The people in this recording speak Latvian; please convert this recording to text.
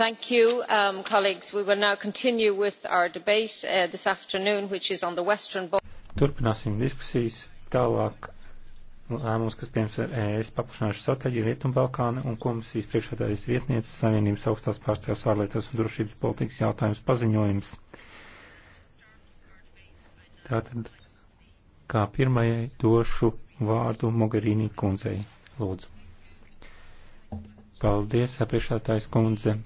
thank you um, colleagues we will now continue with our debate uh, this afternoon which is on the western Turpināsim diskusijas tālāk lēmums, kas pieņems ES paplašināšu strateģiju Rietumbalkāna un komisijas priekšādājas vietnieces Savienības augstās pārstāvs ārlietas un drošības politikas jautājums paziņojums. Tātad kā pirmajai došu vārdu Mogherīnī kundzei. Lūdzu. Paldies, apriekšētājs kundze.